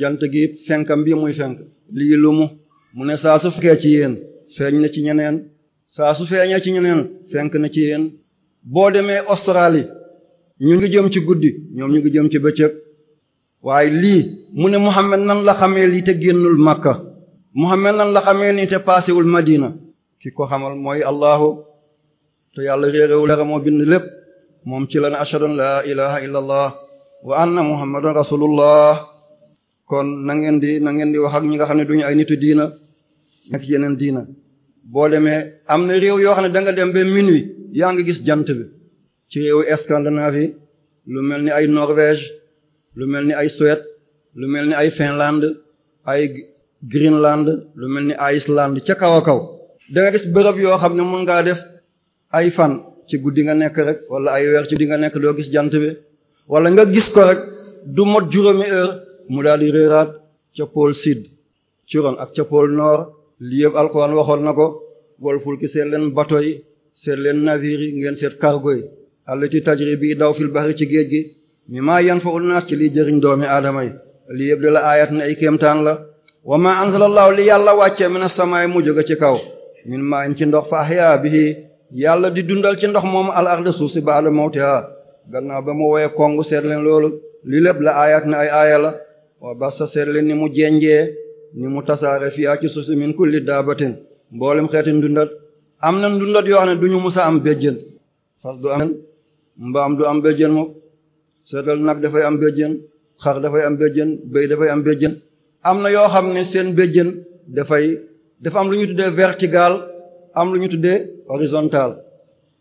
jant gi fenkam bi muy fenk lii lumu mu ne saa su fekkee ci yéen feeñ na ci ñeneen saa su feeñee ci ñeneen fenk na ci yéen boo demee Australie ñu ngi jëm ci guddi ñoom ñu ngi jëm ci bëccëg waaye lii mu ne Muhammad nan la xamee lii te génnul Makka Muhammad nan la xamee nii te paasewul Madina ki ko xamal mooy Allahu te yàlla réeréwu dara moo bind lépp moom ci la ne ashhadu an laa ilaha illa allah wa anna muhammadan rasulullah kon na ngeen di na ngeen di wax ak ñi nga xam ne duñu ay nitu diina ak yeneen diina boo demee am na réew yoo xam ne da nga dem ba minuit yaa ngi gis jant bi ci réewu Scandinavie lu mel ni ay Norvège lu mel ni ay Suède lu mel ni ay Finlande ay Greenland lu mel ni Iceland ca kaw a kaw da nga gis bërëb yoo xam ne mën ngaa def ay fan ci guddi nga nekk rek wala ay weer ci guddi nga nekk doo gis jant bi wala nga gis ko rek du mot juróomi heure mu daal di réeraat ca pôle sud ci ron ak ca pôle nord li yëpp alxuraan waxoon na ko wal fulki seet leen bato yi seet leen navire yi ngeen seet cargo yi allati tajri bi daw fil bahri ci géej gi mi maa yanfa'un nas ci liy jëriñ doomi aadama yi li yëpp de la ayat ne ay kéemtaan la wa ma anzalallahu li yàlla wàcce mina samaay mu jóge ci kaw min maa in ci ndox fa bi bihi yàlla di dundal ci ndox moomu al arde suuf si ba'da mawtiha gannaaw ba mu woye kong seet leen loolu li lépp la ayat ne ay aaya la ni mu tasaare fi ak ci suuf si min kulli daabatin mboolem xeeti ndundat am na ndundat yoo xam ne du ñu musa am béjjén fas du am mbaam du am béjjén moom seetal nag dafay am béjjén xar dafay am béjjén béy dafay am béjjén am na yoo xam ne seen béjjén dafay dafa am lu ñu tuddee vertical am lu ñu tuddee horizontal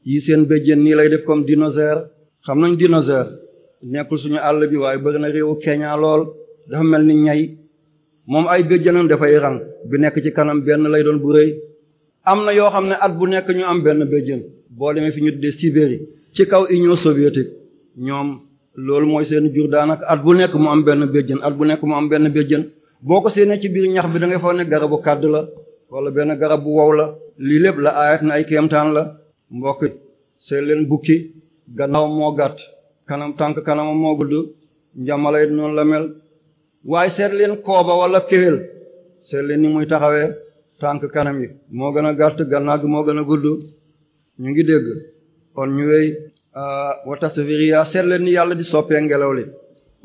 yi seen béjjén nii lay def comme dinosaure xam nañ dinosaure nekkul suñu àll bi waaye bëri na réewu Kenya lool dafa mel ni ñay moom ay béjjanam dafay rang bi nekk ci kanam benn lay doon bu rëy am na yoo xam ne at bu nekk ñu am benn béjjën boo demee fi ñu tuddee Sibérie ci kaw Union soviétique ñoom loolu mooy seen jur daanaka at bu nekk mu am benn béjjën at bu nekk mu am benn béjjën boo ko séenee ci biir ñax bi da ngay ne garabu kàdd la wala benn garab bu wow la lii lépp la aayat na ay kéemtaan la mbokk see leen bukki gannaaw moo gàtt kanam tànk kanamam moo gudd njamalay noonu la mel waaye seet leen kooba wala kéwél seet leen ni muy taxawee tànk kanam yi moo gën a gàtt gannaaw moo gën a gudd ñu ngi dégg kon ñu wey euh, wata safiriya seet leen ni yàlla di soppee ngelaw li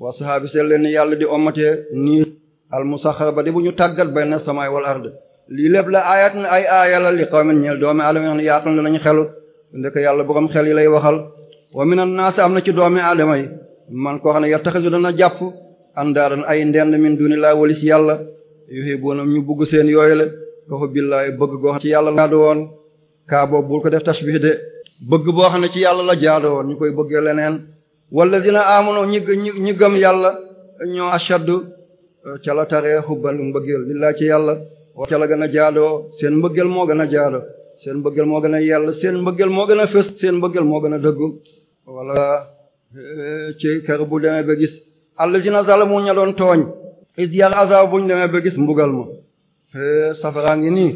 wa saxaabi seet leen ni yàlla di omatee nii al musaxar ba di bu ñu tàggat bayna samay wal ard lii lépp la ayat na ay aaya la li qawmin ñeel doomi aadama yi xam yaatal nañu xelu ndek yàlla boroom xel yi lay waxal wa minan naas am na ci doomi aadama andaaran ay ndend min dunilaa walis yàlla yuhibuna ñu bugg seen yooyu la ko billaahi bëgg goo xam ci yàlla la jaadu ko def tashbih de bëgg boo xam ne ci yàlla la jaadu woon ñu koy bëggee leneen wallazina amanu ñi ñi gëm yàlla ñoo ashaddu ca la taree xubban mbëggeel billaahi ci yàlla ca la gën a jaadoo seen mbëggeel moo gën a jaadoo seen mbëggeel moo gën a yàlla seen mbëggeel moo gën a fës seen mbëggeel moo gën a dëggu wala ci kër bu demee ba gis allazina zalamu ña doon tooñ is yal bu buñ demee ba gis mbugal ma safaraa ngi nii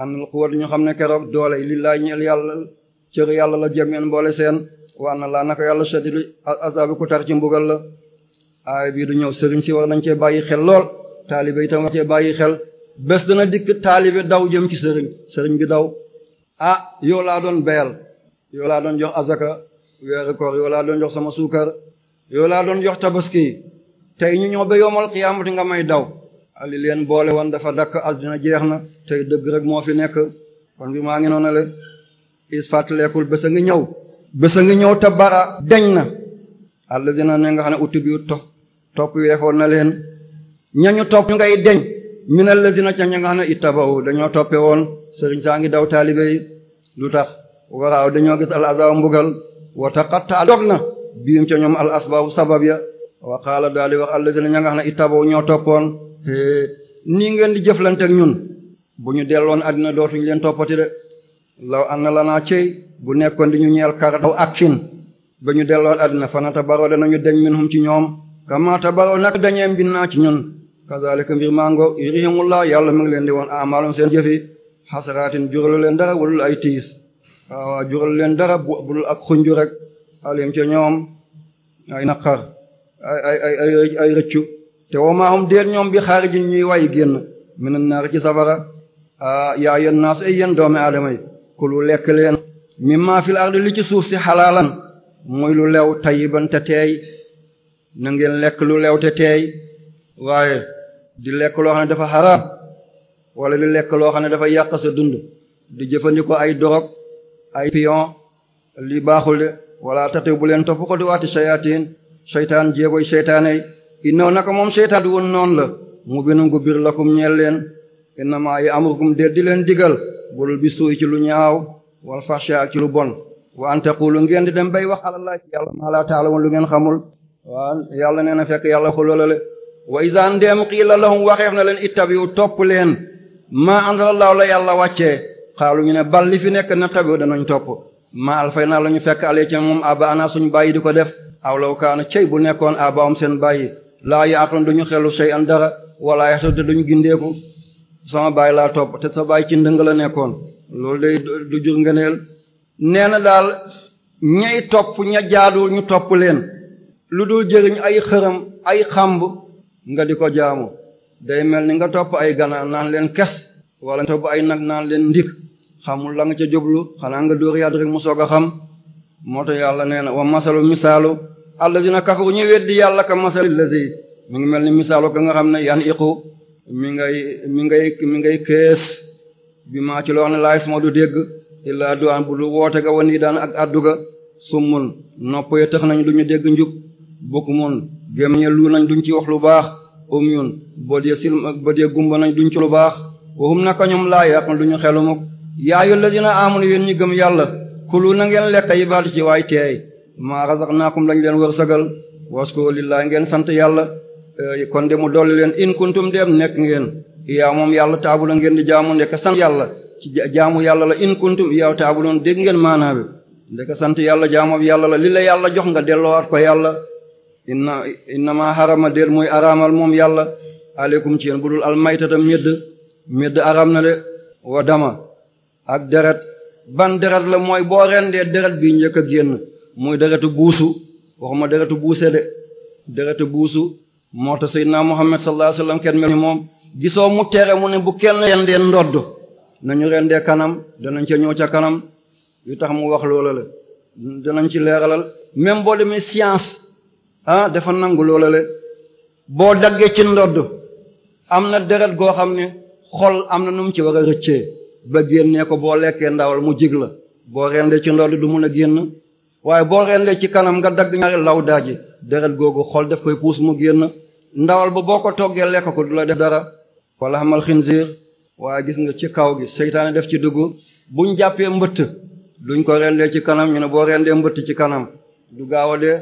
anal quwwat ñu xam ne keroog doole lillahi ñel yàlla cër yàlla la jëmeen mboole seen wa na laa nako yàlla shadidu azabi ku tar ci mbugal la aay bii du ñëw sëriñ si war nañ cee bàyyi xel lool taalibe itam war cee bàyyi xel bés dana dikk taalibe daw jëm ci sëriñ sëriñ bi daw ah yow laa doon beyal yow laa doon jox azaka weeru koor laa doon jox sama suukar yow laa doon jox tabaski tey ñu ñëw ba yomal xiyaamati nga may daw ali leen boole woon dafa dakk addina jeex na tey dëgg rek moo fi nekk kon bi maa ngi noona le is fàttalekul bés a ñëw bés a ñëw tabara bara deñ na alla dina ne nga xam ne utti bi to topp weexoon na leen ñañu topp ñu ngay deñ min alladina ca ña nga xam ne ittabaw dañoo toppe woon sëriñ saa ngi daw taalibe lu tax waraaw dañoo gis al mbugal wa taqatta dog na biim ca ñoom al asbaabu sabab ya wa qaala daal di wax allazina ña xam ne itaboo ñoo toppoon te nii ngeen di jëflanteeg ñun bu ñu delloon àddina dootuñu leen toppati de law an na lanaa cey bu nekkoon di ñu ñeel karat ak akkin ba ñu delloon àddina fanata baroo danañu deñ minhum ci ñoom kamata baroo nag dañee mbin naa ci ñun kazalika mbir mango yurihimullah yàlla mu ngi leen di woon amaalum seen jëfi xasaraatin juralu leen dara wulul ay tiis waaw juralu leen dara budul ak xunju alim ca ñoom ay naqar ay ay ay rëccu te woo maahum déet ñoom bi xaarijin ñuy way génn mina naar ci safara yaa yén naas ay yéen doomi aadama yi ku lu lekk leen mimma fil ardi li ci suuf si xalaalan muy lu lew tayiban te teey na ngeen lekk lu lew te teey waaye di lekk loo xam ne dafa xaraam wala di lekk loo xam ne dafa yàq sa dund di jëfandikoo ay dorog ay pion li baaxul de wala tataw bu leen topp ko di waati sayaatin seytaan jéegoy seytaane innaw naka moom seytaan du woon noonu la mu binum gu bir lakum ñeel leen innama yi amrukum de di leen digal bulul bi suuy ci lu ñaaw wal fahsha ak ci lu bon wa an taqulu ngeen di dem bay wax alallah ci yàlla ma la lu ngeen xamul waa yàlla nee na fekk yàlla xulolale wa izan dem qiila lahum waxeef na leen it ittabi'u topp leen ma anzalallahu la yàlla wàccee xaalu ñu ne bal li fi nekk na tabi'u danañ topp ma alfay naa la ñu fekk ale ca moom aba ana bàyyi di ko def awlaw kaana cey bu nekkoon abaam seen bàyyi laa yaatoon duñu xelu sey an dara wala yaxtu te duñu gindeeku sama bàyyi laa topp te sa bàyyi ci ndëng la nekkoon loolu day du jur ngëneel nee na daal ñay topp ña jaadul ñu topp leen lu dul jëriñ ay xërëm ay xàmb nga di ko jaamu day mel ni nga topp ay ganaar naan leen kes wala nga topp ay nag naan leen ndik xamul la nga ca jublu xanaa nga dóor yàdd rekk mu soog a xam moo te yàlla nee na wa masalu misaalu allazina kafaru ñu weddi yàlla ka masal lazi mi ngi mel ni misaalu ka nga xam ne yan iqu mi ngay mi ngay mi ngay kees bi maa ci loo xam ne suma du dégg illaa du an bu du woote ga wan yi daan ak adduga summun nopp ya tax nañ du ñu dégg njub bukmun gémmiñe lu nañ duñ ci wax lu baax umyun bët ya silm bët ya gumba nañ duñ ci lu baax waxum naka ñoom laa yàq duñu xelumuk yaa ayyuhal lazina amanu yéen ñu gëm yàlla kulu na ngeen lekk yi baatu ci waay teey maa razaqnaakum lañ leen wërsëgal waskuru lillahi ngeen sant yàlla eh, kon de mu dolli leen in kuntum dem nekk ngeen yaa moom yàlla taabu la ngeen di jaamu ndeka sant yàlla ci jaamu yàlla la in kuntum yaa taabu loon dégg ngeen maanaa bi sant yàlla jaamu yàlla la li yàlla jox nga delloowaat ko yàlla inna innama harama déel muy araamal moom yàlla aleykum ci yéen bu al maytatam médd médd aram na de wa ak deret ban deret la mooy boo rendee deret bi njëkk a génn muy deretu buusu waxuma deretu buuse de deretu buusu moo tax Seydina Muhammad sallallahu alayhi wasallam kenn mel ni moom gisoo mu tere mu ne bu kenn rendee ndodd nañu rendee kanam danañ ca ñëw ca kanam yu tax mu wax loola la danañ ci leeralal même boo demee science ah dafa nangu loola boo daggee ci ndodd am na deret goo xam ne xol am na nu mu ci war a rëccee ba génnee ko boo lekkee ndawal mu jig la boo rendee ci ndodd du mun a génn waaye boo rendee ci kanam nga dagg ñaari law daaji deret googu xool def koy puus mu génn ndawal ba boo ko toggee lekk ko du la def dara wala xamal xinziir waaye gis nga ci kaw gi seytaane def ci dugg buñ jàppee mbëtt duñ ko rendee ci kanam ñu ne boo rendee mbëtt ci kanam du gaaw a dee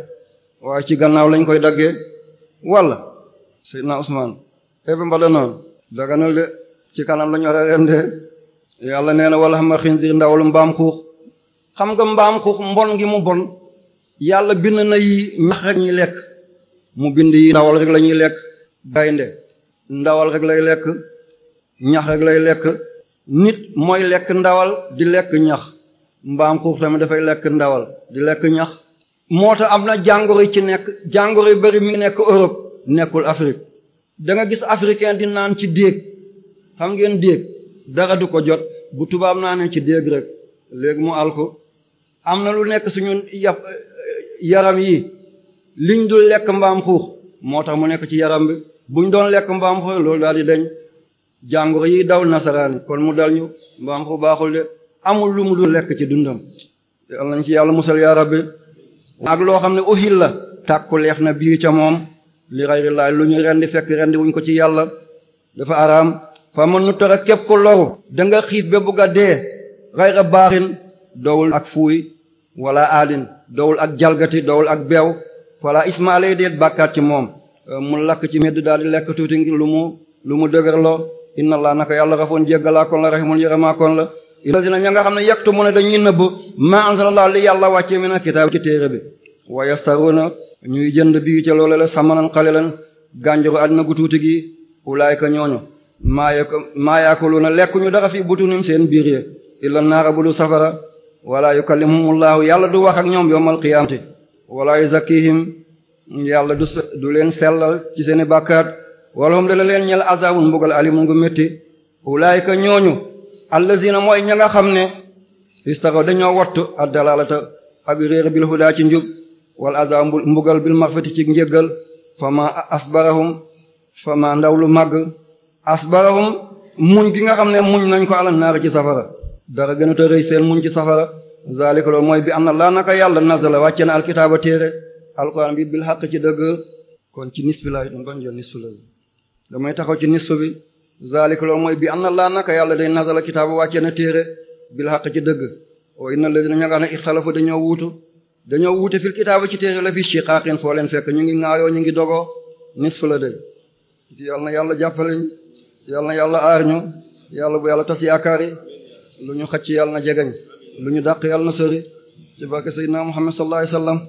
waaye ci gannaaw lañ koy daggee wala Seydina Usmaan ebe mbada noonu daganal de ci kanam lañ yàlla nee na wala xama xinzir ndawal mbaam xuux xam nga mbaam xuux mbon ngi mu bon yàlla bind na yi ñax rek ñuy lekk mu bind yi ndawal rek la lekk gaynde ndawal rek lay lekk ñax rek lay lekk nit mooy lekk ndawal di lekk ñax mbaam xuux tamit dafay lekk ndawal di lekk ñax moo tax am na jàngoro ci nekk jàngoro yu bari mi nekk Europe nekkul Afrique da gis africain di naan ci déeg xam ngeen déeg dara du ko jot bu tubaab naa ne ci déeg rek léegi mu alku am na lu nekk suñu yàpp yaram yi liñ dul lekk mbaam xuux moo tax mu nekk ci yaram bi buñ doon lekk mbaam xuux loolu daal di dañ jàngoro yi daw nasaraani kon mu dal ñu mbaam xuux baaxul de amul lu mu dul lekk ci dundam yàlla nañ ci yàlla musal yaa rabbi ak loo xam ne uhil la tàkku leex na biir ca moom li ray ri lu ñu rendi fekk rendi wuñ ko ci yàlla dafa araam fa mën nu tere képp ku loru da nga xiif ba bugg a dee rayra baarin dowul ak fuuy wala aalin dowul ak jalgati dowul ak beew fala ismaale déet bàkkaat ci moom euh, mu lakk ci medd daal di lekk tuuti lu mu lu mu dëgër dëgërloo inna allah naka yàlla rafoon jéggalaa kon la rahimun yërëmaa kon la lazina ña nga xam ne yektu mu ne dañuy nëbb ma anzalallahu li yàlla wàcce mina kitaab ci téere bi wa yastaruna ñuy jënd bii ca loolu la samanan qalilan gànjaru àddina tuuti gi ulaayka ñooñu maa ya maa yaakuluuna lekkuñu dara fii butunim seen biir ya illa naara bu du safara wala yukallimuhumullahu yàlla du wax ak ñoom yowmal qiyaamati wala yuzakkihim yàlla du du leen sellal ci seen bàkkaat wala hum dana leen ñel azabun mbugal alimun ngu métti ulaayika ñooñu allazina mooy ña nga xam ne istaro dañoo wattu addalalata ak réer bil huda ci njub wal azab mbugal bil marfati ci njéggal fama asbarahum fama ndaw lu màgg asbarahum muñ gi nga xam ne muñ nañ ko ala naar ci safara dara gën a ta rëy seen muñ ci safara zalika mooy bi am na laa naka yàlla nazala wàcce na alkitaaba téere alquran bi bil xaq ci dëgg kon ci nisfi laay doon ban jël nisfu la taxaw ci nisfu bi zalika mooy bi am na laa naka yàlla day nazala kitaaba wàcce na téere bil xaq ci dëgg wa inna alladhina ña nga xam ne ixtalafu dañoo wuutu dañoo wuute fil kitaaba ci téere la fi shiqaaqin foo leen fekk ñu ngi ŋaayoo ñu la de yàlla na yàlla aar ñu yàlla bu yàlla tas yaakaar lu ñu xacc yàlla na jegeñ lu ñu dàq yàlla na sori ci barke sayyidina Muhammad sallallahu alayhi wasallam